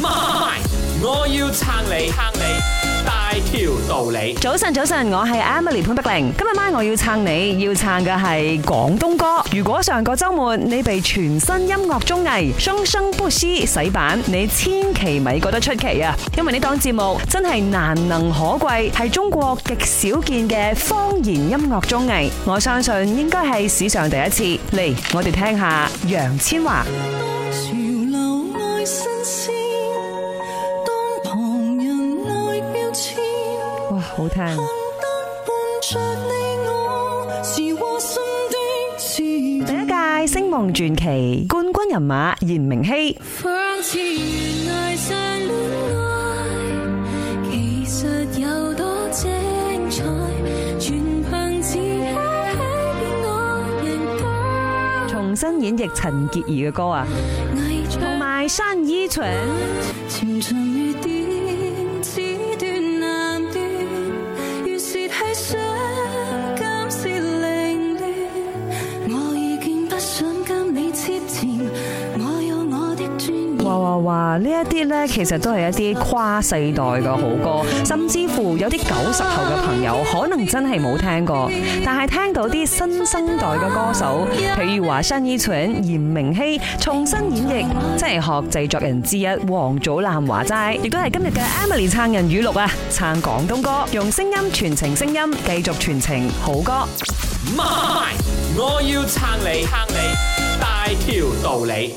媽咪，我要撐你，撐你大條道理。早晨，早晨，我係 Emily 潘德玲。今日媽咪我要撐你，要撐嘅係廣東歌。如果上個周末你被全新音樂綜藝《聲生不息》洗版，你千祈咪覺得出奇啊！因為呢檔節目真係難能可貴，係中國極少見嘅方言音樂綜藝。我相信應該係史上第一次。嚟，我哋聽下楊千嬅。好聽。第一屆聲夢傳奇冠軍人馬炎明熹，重新演繹陳潔儀嘅歌啊，同埋單依純。哇哇哇！呢一啲呢其實都係一啲跨世代嘅好歌，甚至乎有啲九十後嘅朋友可能真係冇聽過，但係聽到啲新生代嘅歌手，譬如話單依純、炎明熹重新演繹，即係學製作人之一王祖藍話齋，亦都係今日嘅 Emily 撐人語錄啊，撐廣東歌，用聲音傳情，聲音繼續傳情，好歌！我要撐你，撐你大條道理。